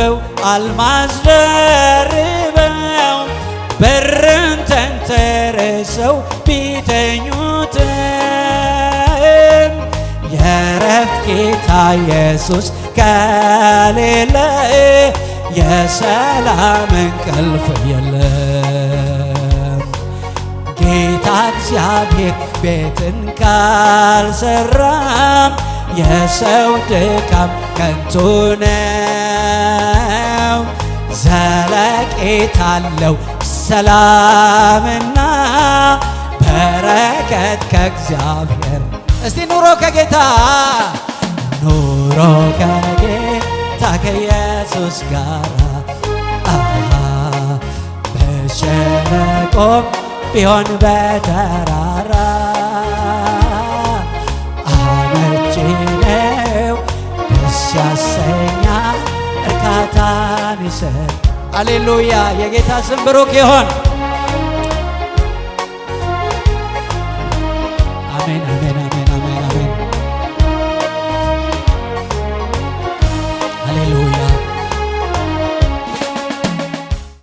ደርበው አልማዝ ደርበው በርን ተንተረሰው ቢተኙትም የረፍት ጌታ ኢየሱስ ከሌለ የሰላም እንቅልፍ የለም። ጌታ እግዚአብሔር ቤትን ካልሰራም የሰው ድካም ከንቱ ነው። ረቄት አለው ሰላምና በረከት ከእግዚአብሔር። እስቲ ኑሮ ከጌታ ኑሮ ከጌታ ከኢየሱስ ጋር በሸለቆም ቢሆን በተራራ አመቺ ነው ደስ ያሰኛል እርካታን አሌሉያ! የጌታ ስም ብሩክ ይሆን። አሜን አሜን።